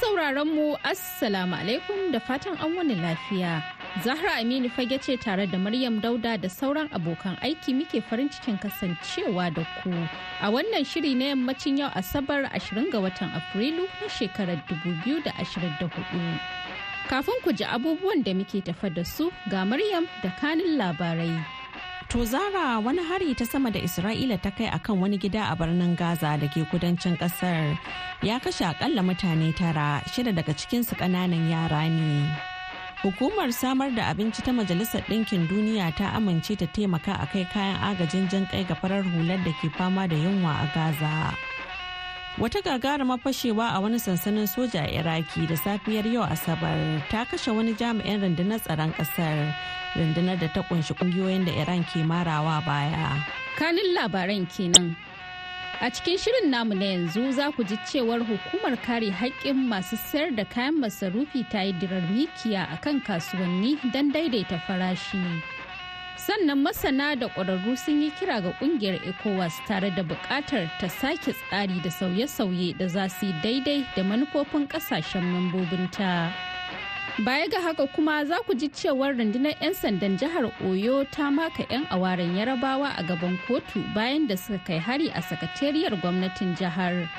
sauraron mu Assalamu alaikum da fatan an wani lafiya. Zahra Aminu fage ce tare da Maryam Dauda da sauran abokan aiki muke farin cikin kasancewa da ku. A wannan shiri na yammacin yau Asabar 20 ga watan Afrilu na shekarar 2024. Kafin ku ji abubuwan da muke tafa da su ga Maryam da kanin labarai. To zara wani hari ta sama da Isra'ila ta kai akan wani gida a birnin Gaza da ke kudancin kasar ya kashe akalla mutane tara shida daga cikin su kananan yara ne. Hukumar samar da abinci ta Majalisar Ɗinkin Duniya ta amince ta taimaka a kai kayan agajin jan kai ga farar hular da ke fama da yunwa a Gaza. Wata gagarumar fashewa a wani sansanin soja a Iraki da safiyar yau Asabar ta kashe wani jami'in rundunar tsaron ƙasar rundunar da ta kunshi kungiyoyin da Iran ke marawa baya. Kanin labaran kenan. A cikin shirin namu na yanzu za ku ji cewar hukumar kare haƙƙin masu sayar da kayan masarufi ta yi dirar mikiya a kan kasuwanni don daidaita farashi. sannan masana da ƙwararru sun yi kira ga ƙungiyar ecowas tare da buƙatar ta sake tsari da sauye-sauye da za su yi daidai da manufofin ƙasashen membobinta baya ga haka kuma za ku ji cewar rundunar 'yan sandan jihar oyo ta maka 'yan awaren yarabawa a gaban kotu bayan da suka kai hari a sakatariyar gwamnatin jihar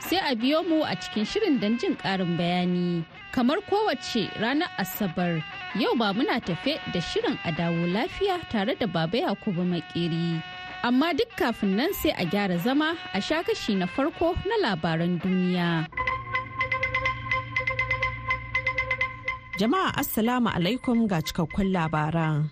sai a biyo mu a cikin shirin don jin ƙarin bayani kamar kowace ranar asabar Yau ba muna tafe da shirin a dawo lafiya tare da Baba Yakubu Makeri. Amma duk kafin nan sai a gyara zama a sha kashi na farko na labaran duniya. Jama'a Assalamu alaikum ga cikakkun labaran.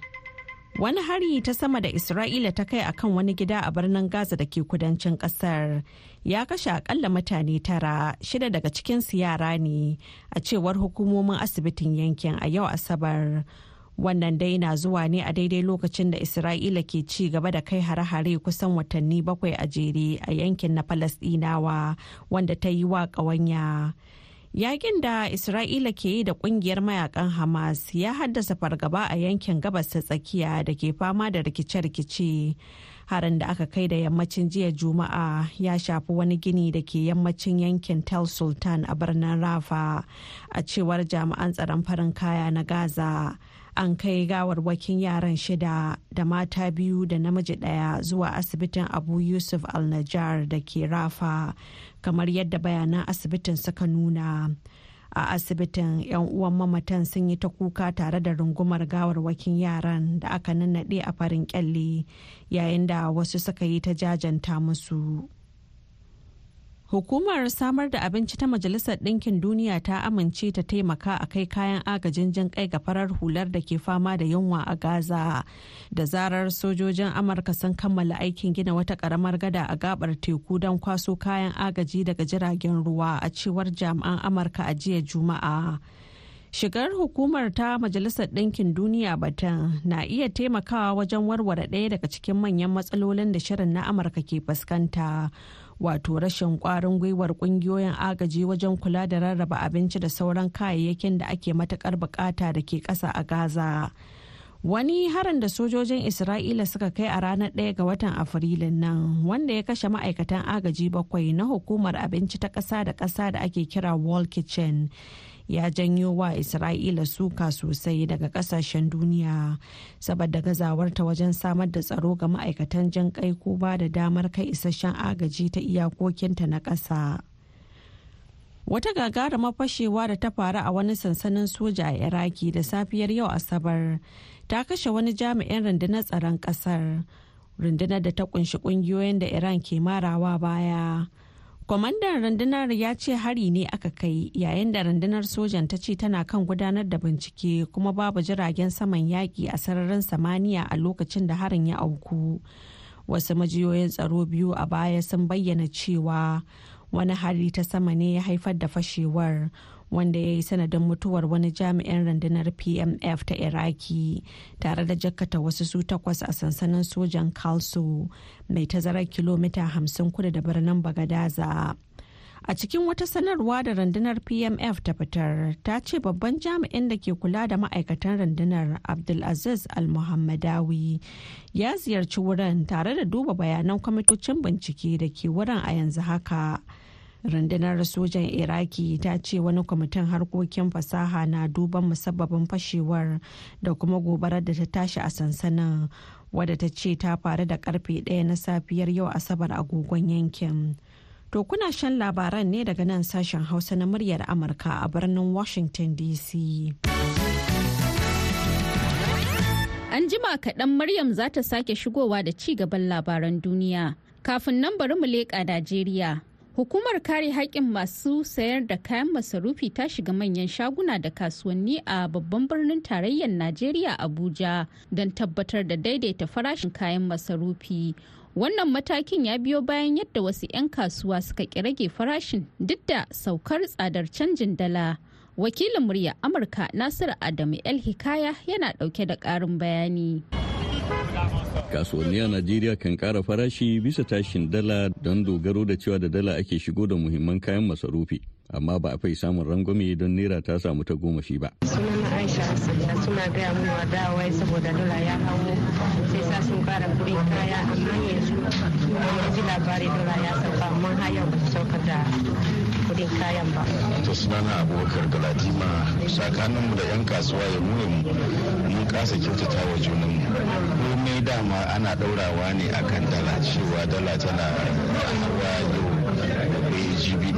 wani hari ta sama da isra'ila ta kai akan wani gida a birnin gaza da ke kudancin kasar ya kashe akalla mutane tara shida daga cikinsu yara ne a cewar hukumomin asibitin yankin a yau asabar wannan dai na zuwa ne a daidai lokacin da isra'ila ke ci gaba da kai hare-hare kusan watanni bakwai a jere a yankin na falasdinawa wanda ta yi wa ƙawanya. Yakin da Isra'ila ke yi da kungiyar mayakan Hamas ya haddasa fargaba a yankin gabas ta tsakiya da ke fama da rikice-rikice. Harin da aka kai da yammacin jiya Juma'a ya shafi wani gini da ke yammacin yankin Tel Sultan a birnin Rafa a cewar jami'an tsaron farin kaya na Gaza. an kai gawarwakin yaran shida da mata biyu da namiji ɗaya zuwa asibitin abu yusuf al-najjar da ke rafa kamar yadda bayanan asibitin suka nuna a asibitin 'yan uwan mamatan sun yi ta kuka tare da rungumar gawarwakin yaran da aka nannaɗe a farin kyalle yayin da wasu suka yi ta jajanta musu. Hukumar samar da abinci ta Majalisar Ɗinkin Duniya ta amince ta taimaka a kai kayan agajin jin kai ga farar hular da ke fama da yunwa a Gaza. Da zarar sojojin Amurka sun kammala aikin gina wata karamar gada a gabar teku don kwaso kayan agaji daga jiragen ruwa a cewar jami'an Amurka a jiya Juma'a. Shigar hukumar ta Majalisar Ɗinkin Duniya batun na iya taimakawa wajen warware ɗaya daga cikin manyan matsalolin da shirin na Amurka ke fuskanta. wato rashin kwarin gwiwar kungiyoyin agaji wajen kula da rarraba abinci da sauran kayayyakin da ake matukar bukata da ke kasa a gaza wani harin da sojojin isra'ila suka kai a ranar 1 ga watan afrilun nan wanda ya kashe ma'aikatan agaji bakwai na hukumar abinci ta kasa da kasa da ake kira wall kitchen ya janyo wa isra'ila suka sosai daga kasashen duniya saboda gazawarta wajen samar da tsaro ga ma'aikatan jan kai ko ba da damar kai isasshen agaji ta iyakokinta na ƙasa wata gagarumar fashewa da ta faru a wani sansanin soja a iraki da safiyar yau asabar ta kashe wani jami'in rundunar tsaron kasar rundunar da ta kunshi kungiyoyin da iran ke marawa baya kwamandan rundunar ya ce hari ne aka kai yayin da rundunar sojan ta ce tana kan gudanar da bincike kuma babu jiragen saman yaƙi a sararin samaniya a lokacin da harin ya auku wasu majiyoyin tsaro biyu a baya sun bayyana cewa wani hari ta sama ne ya haifar da fashewar wanda ya yi sanadin mutuwar wani jami'in rundunar pmf ta iraki tare da jakkata wasu su takwas a sansanin sojan kalso mai tazarar kilomita 50 kudu da birnin bagadaza a cikin wata sanarwa da rundunar pmf ta fitar ta ce babban jami'in da ke kula da ma'aikatan rundunar abdulaziz al-muhammadawi ya ziyarci wurin tare da duba bayanan kwamitocin bincike da ke wurin a yanzu haka. rundunar sojan iraki ta ce wani kwamitin harkokin fasaha na duban musabbabin fashewar da kuma gobarar da ta tashi a sansanin wadda ta ce ta faru da karfe ɗaya na safiyar yau asabar agogon yankin to kuna shan labaran ne daga nan sashen hausa na muryar amurka a birnin washington dc an jima kaɗan maryam za ta sake shigowa da ci gaban labaran duniya kafin nan bari mu leƙa najeriya Hukumar kare haƙƙin masu sayar da kayan masarufi ta shiga manyan shaguna da kasuwanni a babban birnin tarayyar Najeriya Abuja don tabbatar da daidaita farashin kayan masarufi. Wannan matakin ya biyo bayan yadda wasu 'yan kasuwa suka rage farashin duk da saukar tsadar canjin dala. Wakilin murya Amurka Nasiru Adamu El Hikaya yana ɗauke da ƙarin bayani. kasuwanni a najeriya kan kara farashi bisa tashin dala don dogaro da cewa da dala ake shigo da muhimman kayan masarufi amma ba a fai samun rangwame don naira ta samu ta goma shi ba sunan aisha asaliya suna gaya mun da wai saboda dala ya hawo sai sa sun kara kuɗin kaya amma yanzu ji labari dala ya sauka amma har yau ba su da kudin kayan ba. To sunana Abubakar Galadima tsakanin mu da 'yan kasuwa ya mu mun kasa kyautata wa junan mu. Komai dama ana daurawa ne akan dala cewa dala tana hawa yau jibi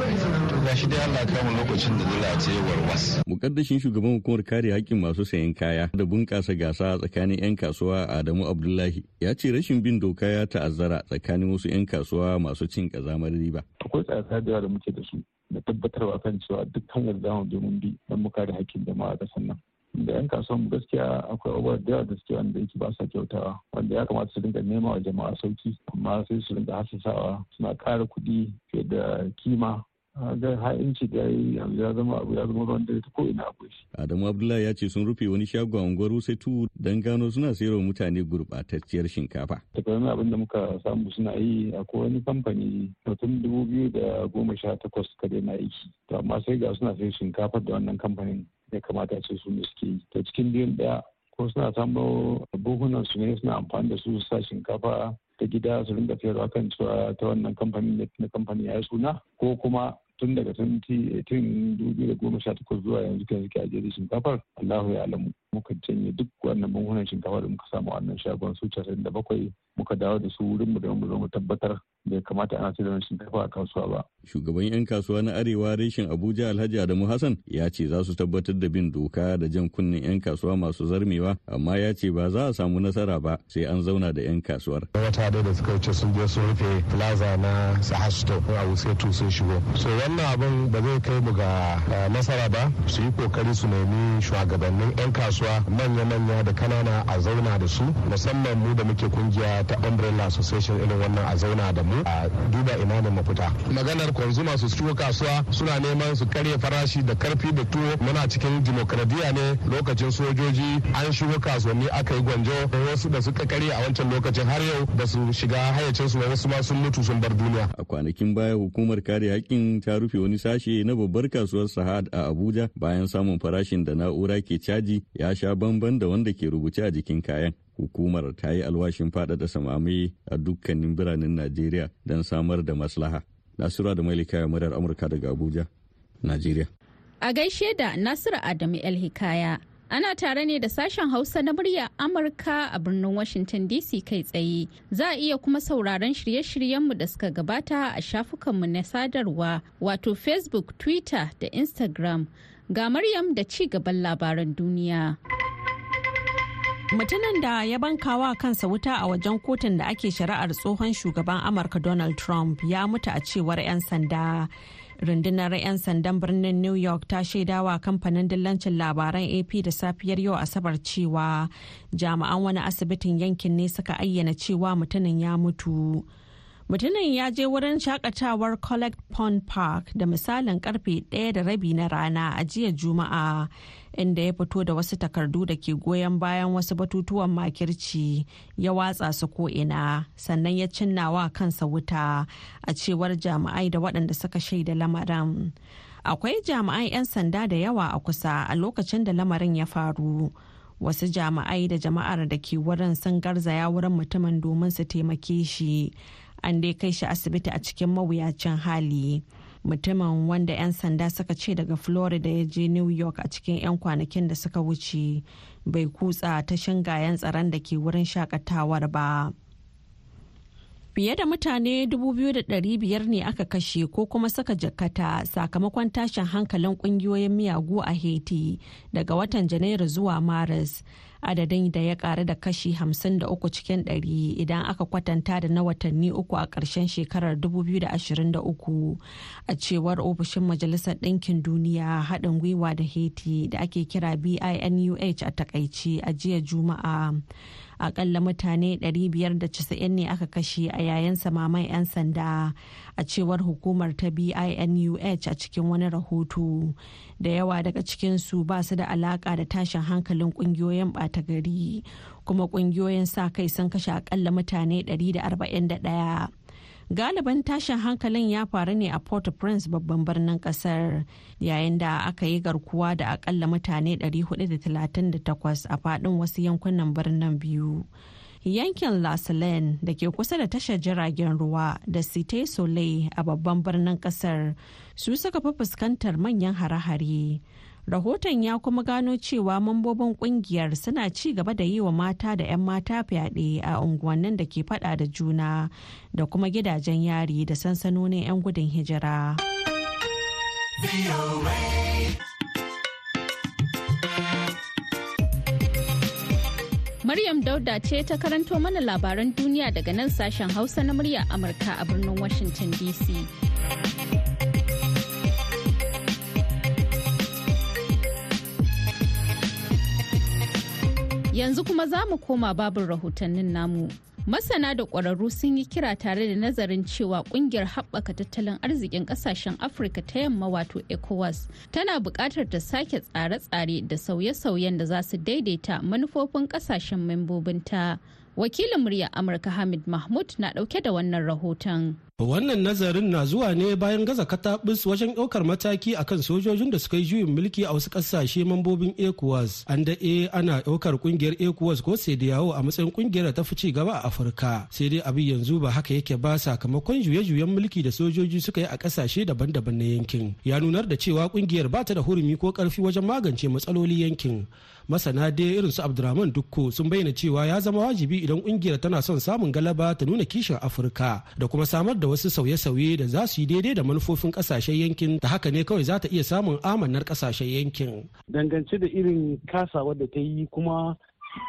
to gashi dai Allah kama lokacin da dala ta warwas. Mukaddashin shugaban hukumar kare haƙƙin masu sayan kaya da bunƙasa gasa tsakanin 'yan kasuwa Adamu Abdullahi ya ce rashin bin doka ya ta'azzara tsakanin wasu 'yan kasuwa masu cin kazamar riba. Akwai tsada da muke da su da tabbatarwa kan cewa dukkan hanyar zamu je mun bi don mu kare hakkin jama'a a nan. da yan kasuwan mu gaskiya akwai abubuwa da yawa da suke wanda yake ba sa kyautawa wanda ya kamata su dinga nema wa jama'a sauki amma sai su dinga hasasawa suna ƙara kuɗi fiye da kima da ha'inci da ya zama abu ya zama ruwan dare ta ko'ina a shi. Adamu Abdullahi ya ce sun rufe wani shagon unguwar Rusaitu don gano suna sayarwa mutane gurɓatacciyar shinkafa. Takwai abin da muka samu suna yi a wani kamfani mutum dubu biyu da goma sha takwas kadai na aiki. To amma sai ga suna sayar shinkafa da wannan kamfanin ya kamata a ce su ne suke yi. To cikin biyun ɗaya ko suna samu buhunan su ne suna amfani da su su sa shinkafa ta gida su rinka sayarwa kan cewa ta wannan kamfanin na kamfanin ya yi suna ko kuma tun daga tun da goma sha takwas zuwa yanzu kan suke ajiye da shinkafar Allahu ya alamu muka janye duk wannan bangunan shinkafa da muka samu wannan shagon su da bakwai. muka dawo da su wurin mu da mu zo mu tabbatar bai kamata ana cire da shinkafa a kasuwa ba. Shugaban 'yan kasuwa na Arewa reshen Abuja Alhaji Adamu Hassan ya ce za su tabbatar da bin doka da jan kunnen 'yan kasuwa masu zarmewa amma ya ce ba za a samu nasara ba sai an zauna da 'yan kasuwar. Wata dai da suka wuce sun je sun rufe plaza na Sahasto a Wusetu sun shigo. So wannan abin ba zai kai mu ga eh, nasara ba su yi kokari su nemi shugabannin 'yan kasuwa manya-manya da kanana a zauna da su musamman mu da muke kungiya ta umbrella association irin wannan a zauna da mu a duba ina da mafita maganar kwanzuma su ciwo kasuwa suna neman su karya farashi da karfi da tuwo muna cikin dimokradiyya ne lokacin sojoji an shigo kasuwanni aka yi gwanjo da wasu da suka karya a wancan lokacin har yau da su shiga hayyacin su wasu ma sun mutu sun bar duniya a kwanakin baya hukumar kare haƙƙin ta rufe wani sashe na babbar kasuwar sahad a abuja bayan samun farashin da na'ura ke caji ya sha bamban da wanda ke rubuce a jikin kayan hukumar ta yi alwashin faɗaɗa samami a dukkanin biranen najeriya don samar da maslaha nasura da malika ya murar amurka daga abuja najeriya a gaishe da nasiru adamu el hikaya ana tare ne da sashen hausa na murya amurka a birnin washington dc kai tsaye za a iya kuma sauraron shirye-shiryenmu da suka gabata a shafukanmu na sadarwa wato facebook twitter da instagram ga maryam da ci gaban labaran duniya. Mutumin da ya bankawa kansa wuta a wajen kotun da ake shari'ar tsohon shugaban Amurka Donald Trump ya mutu a cewar 'yan sanda. Rundunar 'yan sandan birnin New York ta shaidawa kamfanin dillancin labaran AP da safiyar yau Asabar cewa jami'an wani asibitin yankin ne suka ayyana cewa mutumin ya mutu. Mutumin ya je wurin shakatawar Collect Pond Park da misalin karfe 1 da rabi na rana a jiya Juma'a. inda ya fito da wasu takardu da ke goyon bayan wasu batutuwan makirci ya watsa su ko'ina sannan ya cinnawa kansa wuta a cewar jami'ai da waɗanda suka shaida lamarin akwai jami'ai 'yan sanda da yawa a kusa a lokacin da lamarin ya faru wasu jami'ai da jama'ar da ke wurin sun garzaya wurin mutumin domin su taimake shi an dai kai shi asibiti a cikin mawuyacin hali. mutumin wanda 'yan sanda suka ce daga florida ya je new york a cikin 'yan kwanakin da suka wuce bai kutsa ta shingayen tsaron da ke wurin shakatawar ba fiye da mutane 2,500 ne aka kashe ko kuma suka jakata sakamakon tashin hankalin kungiyoyin miyagu a haiti daga watan janairu zuwa maris adadin da ya karu da kashi 53 cikin 100 idan aka kwatanta da na watanni uku a ƙarshen shekarar 2023 a cewar ofishin majalisar ɗinkin duniya haɗin gwiwa da haiti da ake kira binuh a takaici a jiya juma'a akalla mutane 590 ne aka kashe a yayin samaman 'yan sanda a cewar hukumar ta binuh a cikin wani rahoto da yawa daga cikinsu ba su da alaka da tashin hankalin kungiyoyin bata gari kuma kungiyoyin sa kai sun kashe akalla mutane 141 galiban tashin hankalin ya faru ne a port prince babban birnin kasar yayin da aka yi garkuwa da akalla mutane 438 a fadin wasu yankunan birnin biyu yankin lasalene da ke kusa da tashar jiragen ruwa da site soleil a babban birnin kasar su suka fi fuskantar manyan hare-hare rahoton ya kuma gano cewa mambobin kungiyar suna ci gaba da yi wa mata da 'yan mata fyaɗe a unguwannin da ke fada da juna da kuma gidajen yari da sansanonin 'yan gudun hijira. Maryam Dauda ce ta karanto mana labaran duniya daga nan sashen Hausa na murya Amurka a birnin Washington DC. Yanzu kuma za mu koma babin rahotannin namu. Masana da ƙwararru sun yi kira tare da nazarin cewa ƙungiyar haɓaka tattalin arzikin ƙasashen Afirka ta yamma wato ECOWAS tana buƙatar ta sake tsare-tsare da sauye-sauyen da za su daidaita manufofin ƙasashen membobinta. Wakilin murya Amurka Hamid Mahmud na ɗauke da wannan rahoton. Wannan nazarin na zuwa ne bayan gaza katabis wajen ɗaukar mataki a kan sojojin da suka yi juyin mulki a wasu ƙasashe mambobin ECOWAS. An daɗe ana ɗaukar ƙungiyar ECOWAS ko yawo a matsayin ƙungiyar da ta fi ci gaba a Afirka. Sai dai abin yanzu ba haka yake ba sakamakon juye-juyen mulki da sojoji suka yi a ƙasashe daban-daban na yankin. Ya nunar da cewa ƙungiyar ba ta da hurumi ko ƙarfi wajen magance matsaloli yankin. Masana dai irin su Abdurrahman Dukko sun bayyana cewa ya zama wajibi idan ƙungiyar tana son samun galaba ta nuna kishin Afirka da kuma samar da da wasu sauye-sauye da za su yi daidai da manufofin kasashen yankin ta haka ne kawai za ta iya samun amanar kasashen yankin dangance da irin kasawa da ta yi kuma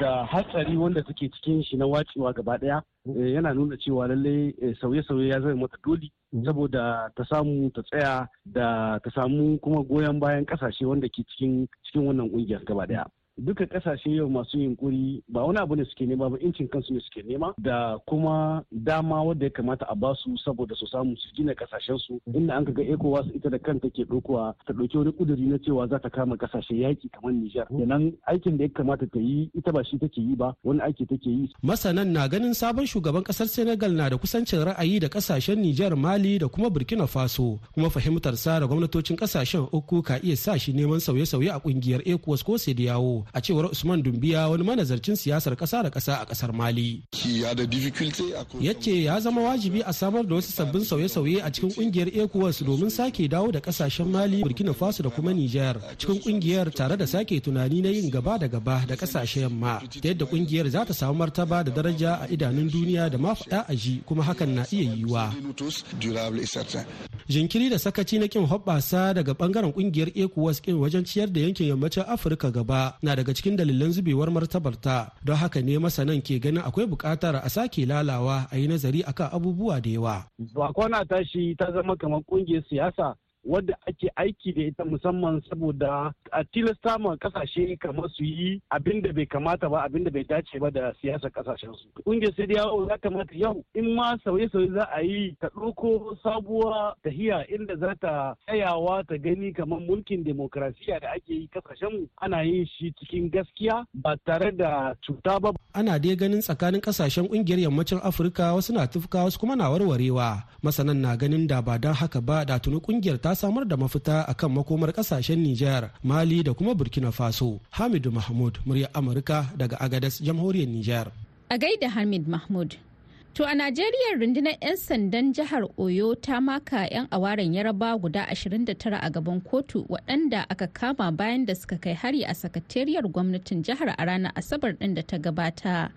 da hatsari wanda suke cikin shi na wacewa gaba daya eh, yana nuna cewa lallai eh, sauye-sauye ya zama mata doli saboda ta samu ta tsaya da ta samu kuma goyon bayan kasashe wanda ke cikin cikin wannan kungiyar gaba daya duka kasashe yau masu yunkuri ba wani abu ne suke nema ba incin kansu ne suke nema da kuma dama wadda ya kamata a basu saboda su samu su gina kasashen su inda an ga ECOWAS ita da kanta ke dokowa ta dauki wani kuduri na cewa za ta kama kasashe yaki kamar Niger kenan aikin da ya kamata ta yi ita ba shi take yi ba wani aiki take yi masanan na ganin sabon shugaban kasar Senegal na da kusancin ra'ayi da kasashen Niger Mali da kuma Burkina Faso kuma fahimtar sa da gwamnatocin kasashen uku ka iya sa shi neman sauye-sauye a kungiyar ECOWAS ko yawo a cewar Usman Dumbiya wani manazarcin siyasar ƙasa da kasa a kasar Mali. Ya ce ya zama wajibi a samar da wasu sabbin sauye-sauye a cikin ƙungiyar ECOWAS domin sake dawo da kasashen Mali, Burkina Faso da kuma Nijar cikin ƙungiyar tare da sake tunani na yin gaba da gaba da kasashen yamma ta yadda ƙungiyar za ta samu martaba da daraja a idanun duniya da ma faɗa a ji kuma hakan na iya yiwuwa. Jinkiri da sakaci na kin hoɓɓasa daga ɓangaren ƙungiyar ECOWAS kin wajen ciyar da yankin yammacin Afirka gaba na daga cikin dalilan zubewar martabarta don haka ne masanan ke ganin akwai bukatar a sake lalawa a yi nazari akan abubuwa da yawa. Ba kwana tashi ta zama kamar ƙungiyar siyasa wadda ake aiki da ita musamman saboda a tilasta ma kasashe kamar su yi abin da bai kamata ba abin da bai dace ba da siyasar kasashen su kungiyar sai yawo ya kamata yau in ma sauye-sauye za a yi ta ɗauko sabuwa tahiya inda za ta tsayawa ta gani kamar mulkin demokrasiya da ake yi kasashen mu ana yin shi cikin gaskiya ba tare da cuta ba ana dai ganin tsakanin kasashen kungiyar yammacin afirka wasu na tufka wasu kuma na warwarewa masanan na ganin da ba don haka ba da tuni kungiyar ta samar da mafita a kan makomar kasashen Nijar, Mali da kuma Burkina Faso. Hamidu Mahmud, murya Amurka daga Agadas, Jamhuriyar Nijar. A gaida Hamid Mahmud. To a Najeriya rundunar 'yan sandan jihar Oyo ta maka 'yan awaren yaraba guda 29 a gaban kotu waɗanda aka kama bayan da suka kai hari a sakatariyar gwamnatin jihar a ranar Asabar ɗin da ta gabata.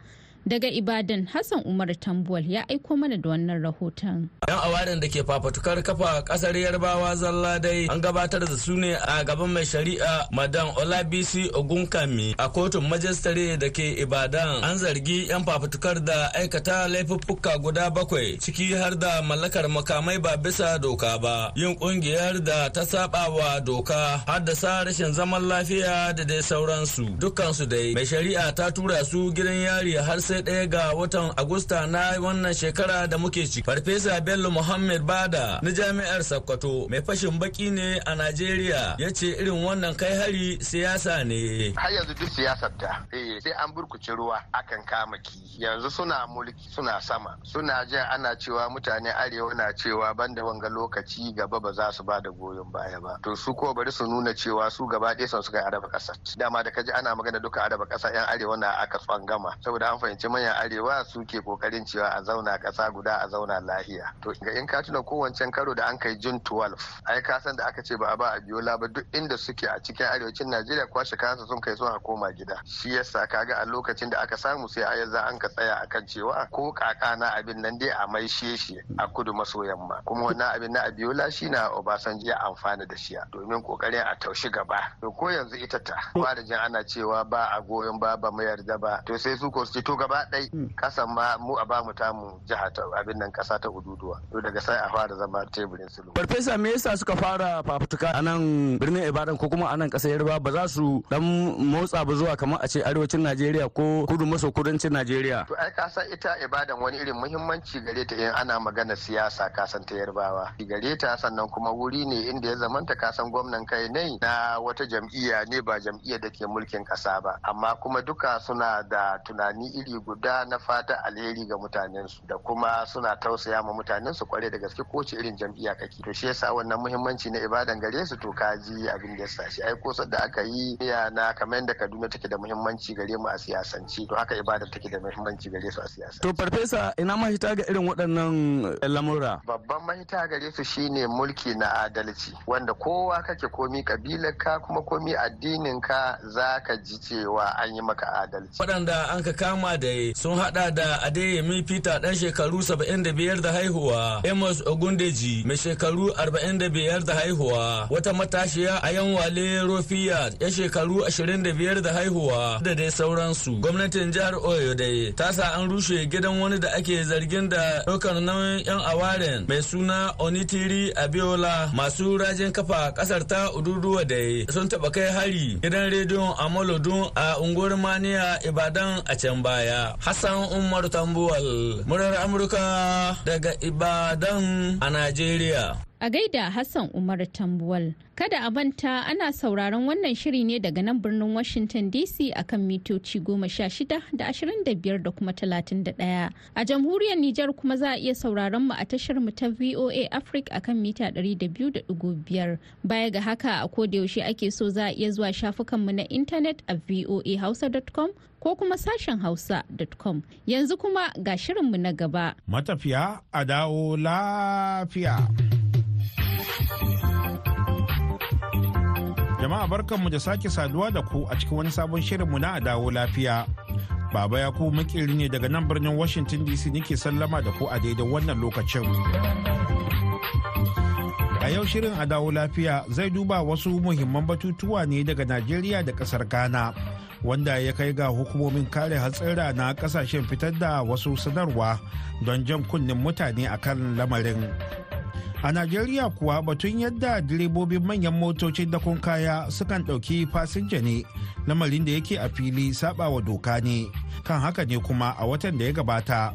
Daga Ibadan Hassan Umar Tambuwal ya aiko mana da wannan rahoton. Yan awarin da ke fafatukar kafa kasar Yarbawa zalla dai an gabatar da su ne a gaban mai shari'a Madan Olabisi Ogunkami a kotun majistare da ke Ibadan. An zargi yan fafatukar da aikata laifuffuka guda bakwai ciki har da mallakar makamai ba bisa doka ba yin kungiyar da ta saba wa doka haddasa rashin zaman lafiya da dai sauransu. Dukkansu dai mai shari'a ta tura su gidan yari har sai ɗaya ga watan Agusta na wannan shekara da muke ciki. Farfesa Bello Muhammad Bada na Jami'ar Sokoto mai fashin baki ne a Najeriya ya ce irin wannan kai hari siyasa ne. Har yanzu duk siyasar ta. Eh, sai an burkuci ruwa akan kama ki. Yanzu suna mulki suna sama. Suna jin ana cewa mutane arewa na cewa banda wanga lokaci gaba ba za su ba da goyon baya ba. To su ko bari su nuna cewa su gaba ɗaya sun suka araba ƙasar. Dama da kaji ana magana duka araba ƙasa 'yan arewa na aka tsangama saboda an fahimci kasanci manyan arewa suke kokarin cewa a zauna ƙasa guda a zauna lahiya to in ka tuna kowancen karo da an kai jun 12 ai ka san da aka ce ba a ba a biyola ba duk inda suke a cikin arewacin najeriya kwashe kasa sun kai zuwa koma gida shi yasa kaga a lokacin da aka samu sai a yanzu an ka tsaya a kan cewa ko kaka na abin nan dai a maishe shi a kudu maso yamma kuma wannan abin na abiola shi na obasanjo ya amfana da shi domin kokarin a taushi gaba to ko yanzu ita ta ba da jin ana cewa ba a goyon ba ba mayar da ba to sai su ko su to gaba gaba ɗai kasan hmm. ma mu a bamu mu jiha ta abin nan kasa ta ududuwa to daga sai a fara zama teburin sulu farfesa me yasa suka fara fafutuka a nan birnin ibadan ko kuma a nan ƙasar yarba ba za su dan motsa ba zuwa kamar a ce arewacin najeriya ko kudu maso kudancin najeriya to ai kasan ita ibadan wani irin muhimmanci gare ta in ana magana siyasa kasan ta yarbawa gare ta sannan kuma wuri ne inda ya zamanta kasan gwamnan kai ne na wata jam'iyya ne ba jam'iyya da ke mulkin kasa ba amma kuma duka suna da tunani iri guda na fata alheri ga mutanen su. da kuma suna tausaya ma mutanen su kware da gaske ko ce irin jam'iyya kake to shi yasa wannan muhimmanci na ibadan gare su to kaji abin da yasa shi ai kosar da aka yi ya na kamar yadda Kaduna take da muhimmanci gare mu a siyasance to haka ibada take da muhimmanci gare su a siyasance to farfesa ina mahita ga irin waɗannan eh, lamura babban mahita gare su shine mulki na adalci wanda kowa kake komi kabilar ka kuma komi addinin ka zaka ji cewa an yi maka adalci waɗanda an ka kama da dai sun hada da Adeyemi Peter dan shekaru 75 da haihuwa, Amos Ogundeji mai shekaru 45 da haihuwa, wata matashiya a yanwale Rofiya ya shekaru 25 da haihuwa da dai sauransu. Gwamnatin jihar Oyo dai ta sa an rushe gidan wani da ake zargin da daukar nauyin 'yan awaren mai suna Onitiri Abiola masu rajin kafa kasar ta Ududuwa dai sun taba kai hari gidan rediyon Amolodun a unguwar Maniya Ibadan a can baya. Hassan Umar Tambuwal, murar Amurka daga Ibadan a Najeriya. A gaida Hassan Umar Tambuwal, kada a manta ana sauraron wannan shiri ne daga nan birnin Washington DC akan mitoci goma sha shida da ashirin da biyar da kuma talatin da ɗaya. A jamhuriyar Nijar kuma za a iya sauraron mu a tashar mu ta VOA Africa akan mita ɗari da biyu da ɗigo biyar. Baya ga haka a koda yaushe ake so za a iya zuwa shafukan mu na intanet a voahausa.com ko kuma sashen hausa.com yanzu kuma ga shirinmu na gaba. Matafiya a dawo lafiya. Jama'a barkanmu da sake saduwa da ku a cikin wani sabon shirinmu na a dawo lafiya. Baba ya ku makiri ne daga nan birnin Washington DC nake sallama da ku a daidai wannan lokacin. A yau shirin a dawo lafiya zai duba wasu muhimman batutuwa ne daga Najeriya da kasar Ghana. wanda ya kai ga hukumomin kare hatsira na kasashen fitar da wasu sanarwa don jan kunnen mutane akan lamarin a najeriya kuwa batun yadda direbobin manyan motocin dakon kaya sukan ɗauki fasinja ne lamarin da yake a fili sabawa doka ne kan haka ne kuma a watan da ya gabata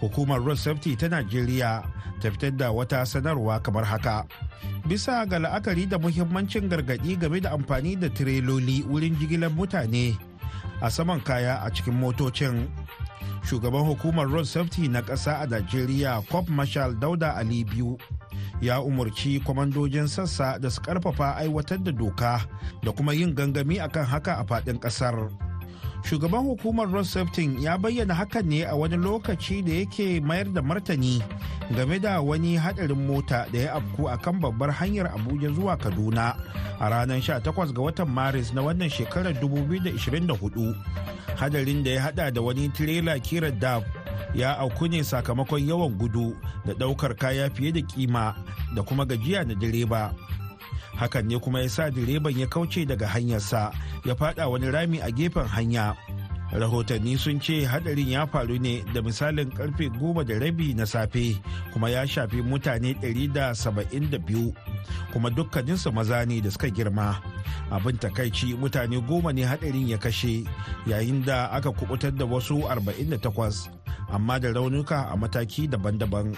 hukumar road safety ta najeriya ta fitar da wata sanarwa kamar haka bisa ga la'akari da muhimmancin gargaɗi game da amfani da tireloli wurin jigilar mutane a saman kaya a cikin motocin shugaban hukumar road safety na ƙasa a najeriya cop marshal dauda ali biyu ya umarci kwamandojin sassa da su karfafa aiwatar da doka da kuma yin gangami akan haka a faɗin ƙasar. shugaban hukumar road ya bayyana hakan ne a wani lokaci da yake mayar da martani game da wani hadarin mota da ya afku a kan babbar hanyar abuja zuwa kaduna a ranar 18 ga watan maris na wannan shekarar 2024 hadarin da ya hada da wani tirela kira dab ya auku ne sakamakon yawan gudu da daukar kaya fiye da kima da kuma gajiya na direba hakan ne kuma ya sa direban ya kauce daga hanyarsa ya fada wani rami a gefen hanya rahotanni sun ce hadarin ya faru ne da misalin karfe goma da rabi na safe kuma ya shafi mutane 172 kuma dukkaninsu maza ne da suka girma abin takaici mutane goma ne hadarin ya kashe yayin da aka kubutar da wasu 48 amma da raunuka a mataki daban-daban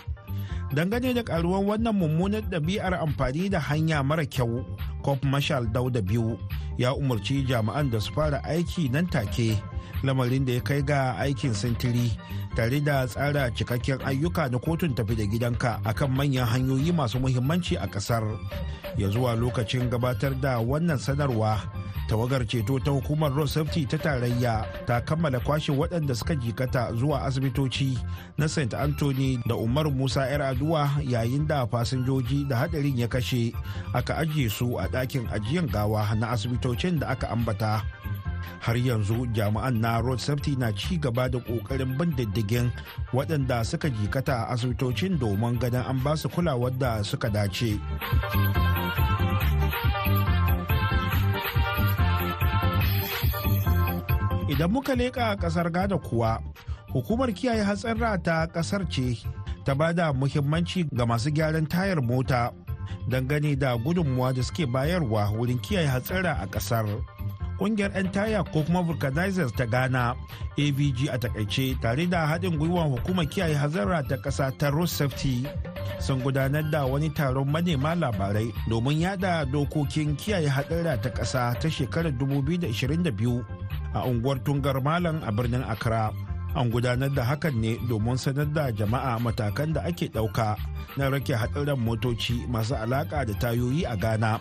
dangane da karuwan wannan mummunar ɗabi'ar amfani da hanya mara kyau cop marshal dauda biyu ya umarci jami'an da su fara aiki nan take lamarin da ya kai ga aikin sintiri tare da tsara cikakken ayyuka na kotun tafi da gidanka akan manyan hanyoyi masu muhimmanci a kasar ya zuwa lokacin gabatar da wannan sanarwa tawagar ceto ta hukumar road safety ta tarayya ta kammala kwashe waɗanda suka jikata zuwa asibitoci na st anthony da umar musa yar aduwa yayin da fasinjoji da hadarin ya kashe aka ajiye su a ɗakin ajiyan gawa na asibitocin da aka ambata har yanzu jami'an na road safety na ci gaba da kokarin bin diddigin waɗanda suka jikata a asibitocin domin ganin an ba su kulawar da suka dace idan muka leƙa ƙasar gada kuwa hukumar kiyaye hatsarra ta ƙasar ce ta ba da muhimmanci ga masu gyaran tayar mota dangane da gudunmuwa da suke bayarwa wurin kiyaye hatsarra a ƙasar ƙungiyar 'yan taya ko kuma vulcanizers ta ghana avg a takaice tare da haɗin gwiwar hukumar kiyaye hazara ta ƙasa ta road safety sun gudanar da wani taron manema labarai domin yada dokokin kiyaye hadara ta ƙasa ta shekarar 2022 a unguwar tungar malam a birnin accra an gudanar da hakan ne domin sanar da jama'a matakan da ake ɗauka na rake hatsarin motoci masu alaƙa da tayoyi a ghana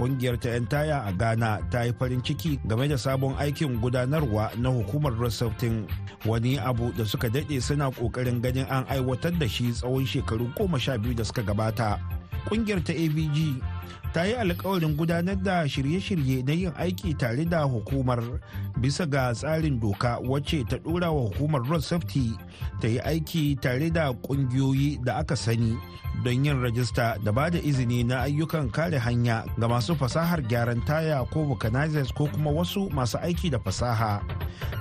ƙungiyar ta 'yan taya a ghana ta yi farin ciki game da sabon aikin gudanarwa na hukumar rasautin wani abu da suka daɗe suna ƙoƙarin ganin an aiwatar da shi tsawon shekaru goma sha biyu da suka gabata ƙungiyar ta avg ta yi alkawarin gudanar da shirye-shirye na yin aiki tare da hukumar bisa ga tsarin doka wacce ta dora wa hukumar road safety ta yi aiki tare da kungiyoyi da aka sani don yin rajista da ba da izini na ayyukan kare hanya ga masu fasahar gyaran taya ko vulcanizers ko kuma wasu masu aiki da fasaha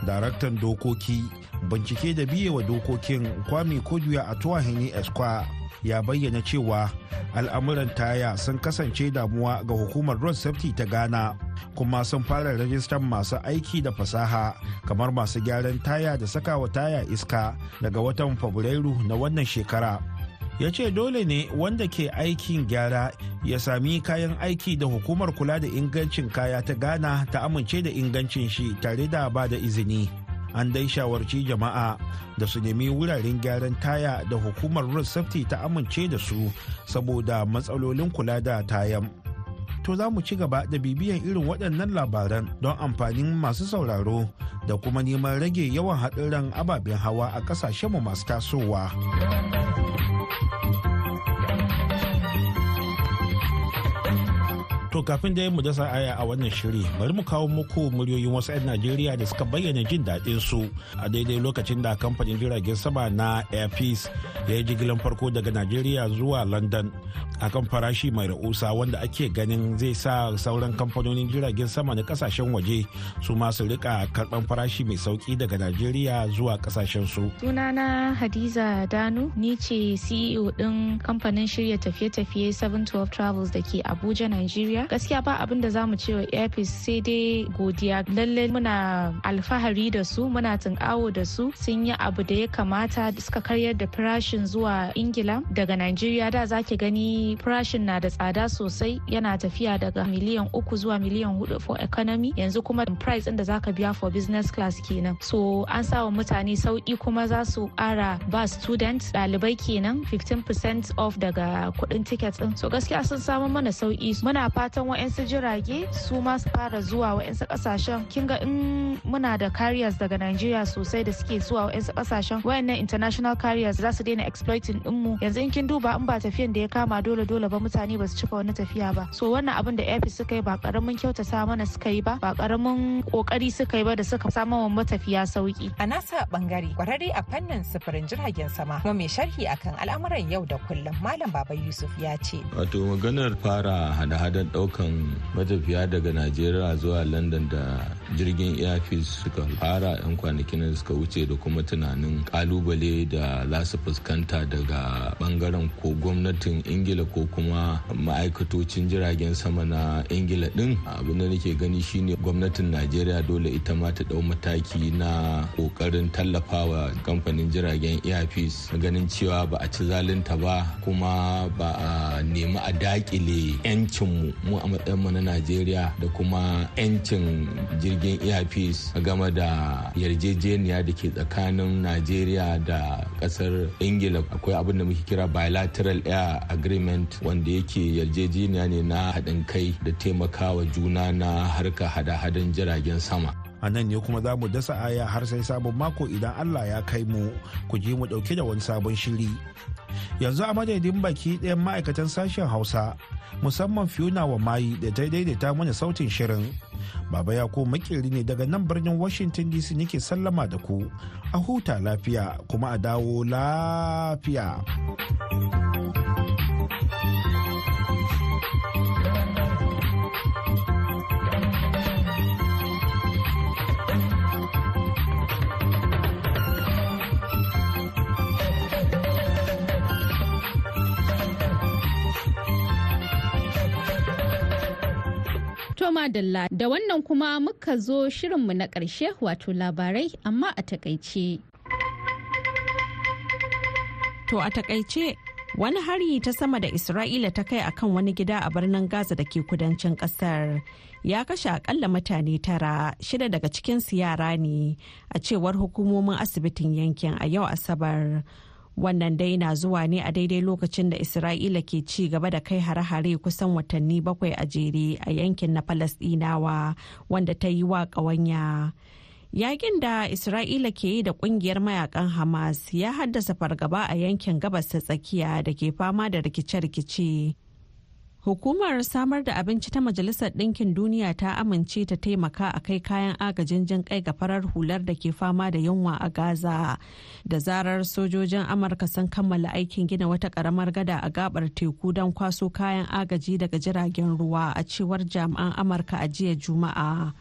daraktan dokoki bincike da biyewa dokokin kwami kojuya a tuwa esquire ya bayyana cewa al'amuran taya sun kasance damuwa ga hukumar road safety ta ghana kuma sun fara rajistar masu aiki da fasaha kamar masu gyaran taya da sakawa taya iska daga watan fabrairu na wannan shekara ya ce dole ne wanda ke aikin gyara ya sami kayan aiki da hukumar kula da ingancin kaya ta ghana ta amince da ingancin shi tare da ba da izini an dai shawarci jama'a da su nemi wuraren gyaran taya da hukumar road safety ta amince da su saboda matsalolin kula da tayan to za mu ci gaba da bibiyan irin waɗannan labaran don amfanin masu sauraro da kuma neman rage yawan haɗin ran ababen hawa a ƙasashenmu masu tasowa. To kafin da mu dasa aya a wannan shiri bari mu kawo muku muryoyin wasu 'yan Najeriya da suka bayyana jin daɗin su a daidai lokacin da kamfanin jiragen sama na Air Peace ya yi jigilan farko daga Najeriya zuwa London akan farashi mai ra'usa wanda ake ganin zai sa sauran kamfanonin jiragen sama na kasashen waje su masu rika karɓan farashi mai sauki daga Najeriya zuwa kasashen su. Sunana Hadiza Danu ni ce CEO din kamfanin shirya tafiye-tafiye 712 Travels da ke Abuja, nigeria. Najeriya gaskiya ba abin da za mu ce wa Airpeace sai dai godiya lallai muna alfahari da su muna tunkawo da su sun yi abu da ya kamata suka karyar da farashin zuwa Ingila daga Najeriya da zaki gani farashin na da tsada sosai yana tafiya daga miliyan uku zuwa miliyan hudu for economy yanzu kuma price ɗin da zaka biya for business class kenan so an sa wa mutane sauki kuma za su ƙara ba student ɗalibai kenan 15% off daga kuɗin tickets ɗin so gaskiya sun samu mana sauki muna fata fatan wa'yansu jirage su ma su fara zuwa wa'yansu kasashen kin ga in muna da carriers daga Najeriya sosai da suke zuwa wa'yansu kasashen wayannan international carriers za su daina exploiting din mu. yanzu in kin duba in ba tafiyan da ya kama dole dole ba mutane ba su cika wani tafiya ba so wannan abin da airfield suka yi ba karamin kyautata mana suka yi ba ba karamin kokari suka yi ba da suka samu wa matafiya sauki a nasa bangare kwararre a fannin sufurin jiragen sama kuma mai sharhi akan al'amuran yau da kullum malam baba yusuf ya ce wato maganar fara hada-hadan daukan matafiya daga najeriya zuwa london da jirgin airfield suka fara 'yan kwanakin da suka wuce da kuma tunanin kalubale da za su fuskanta daga bangaren ko gwamnatin ingila ko kuma ma'aikatocin jiragen sama na ingila din abin da nake gani shine gwamnatin najeriya dole ita ma ta dau mataki na kokarin tallafawa kamfanin jiragen airfield ganin cewa ba a ci zalinta ba kuma ba a nemi a dakile 'yancinmu mu a matsayinmu na najeriya da kuma 'yancin jirgin a game da yarjejeniya da ke tsakanin najeriya da kasar ingila akwai abin da muke kira bilateral air agreement wanda yake yarjejeniya ne na haɗin kai da taimakawa juna na harka hada-hadan jiragen sama a nan ne kuma za mu dasa aya har sai sabon mako idan allah ya kai mu ku je mu dauke da wani sabon shiri yanzu a madadin baki ɗayan ma'aikatan sashen hausa musamman fiona wa mayi da ta daidaita mana sautin shirin baba ya ko makeri ne daga nan birnin washington dc nake sallama da ku a huta lafiya kuma a dawo lafiya Dalla da wannan kuma muka zo shirinmu na ƙarshe wato labarai amma a takaice. To a takaice wani hari ta sama da Isra'ila ta kai akan wani gida a birnin Gaza da ke kudancin ƙasar ya kashe akalla mutane tara shida daga cikinsu yara ne a cewar hukumomin asibitin yankin a yau Asabar. wannan dai na zuwa ne a daidai lokacin da isra'ila ke ci gaba da kai hare-hare kusan watanni bakwai a jere a yankin na falasdinawa wanda ta yi wa ƙawanya yakin da isra'ila ke yi da kungiyar mayakan hamas ya haddasa fargaba a yankin gabas ta tsakiya da ke fama da rikice-rikice Hukumar samar da abinci ta Majalisar Ɗinkin Duniya ta amince ta taimaka a kai kayan agajin jin kai ga farar hular da ke fama da yunwa a Gaza. Da zarar sojojin Amurka sun kammala aikin gina wata ƙaramar gada a gabar teku don kwaso kayan agaji daga jiragen ruwa a cewar jami'an Amurka a jiya Juma'a.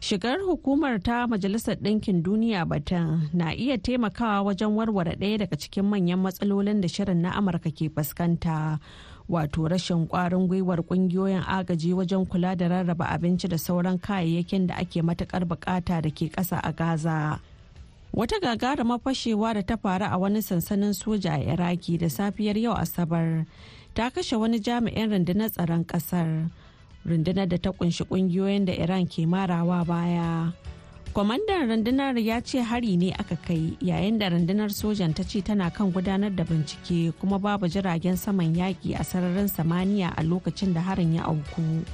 Shigar hukumar ta Majalisar Ɗinkin Duniya batun na iya taimakawa wajen warware ɗaya daga cikin manyan matsalolin da shirin na Amurka ke fuskanta. wato rashin kwarin gwiwar kungiyoyin agaji wajen kula da rarraba abinci da sauran kayayyakin da ake matukar bukata da ke kasa a gaza wata gagara fashewa da ta faru a wani sansanin soja a iraki da safiyar yau asabar ta kashe wani jami'in rundunar tsaron kasar rundunar da ta kunshi kungiyoyin da iran ke marawa baya kwamandan rundunar ya ce hari ne aka kai yayin da rundunar sojan ta ce tana kan gudanar da bincike kuma babu jiragen saman yaƙi a sararin samaniya a lokacin da harin ya auku.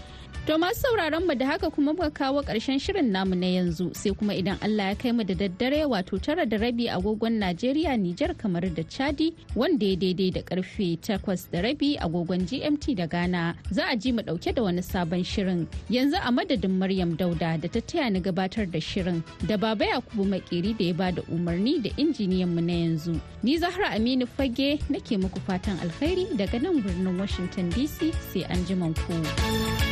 To masu sauraron mu da haka kuma muka kawo ƙarshen shirin namu na yanzu sai kuma idan Allah ya kai mu da daddare wato tara da rabi agogon Najeriya Nijar kamar da Chadi wanda ya daidai da karfe takwas da rabi agogon GMT da Ghana za a ji mu ɗauke da wani sabon shirin yanzu a madadin Maryam Dauda da ta taya ni gabatar da shirin da Baba Yakubu maƙeri da ya bada umarni da injiniyan mu na yanzu ni Zahra Aminu Fage nake muku fatan alheri daga nan birnin Washington DC sai an ku.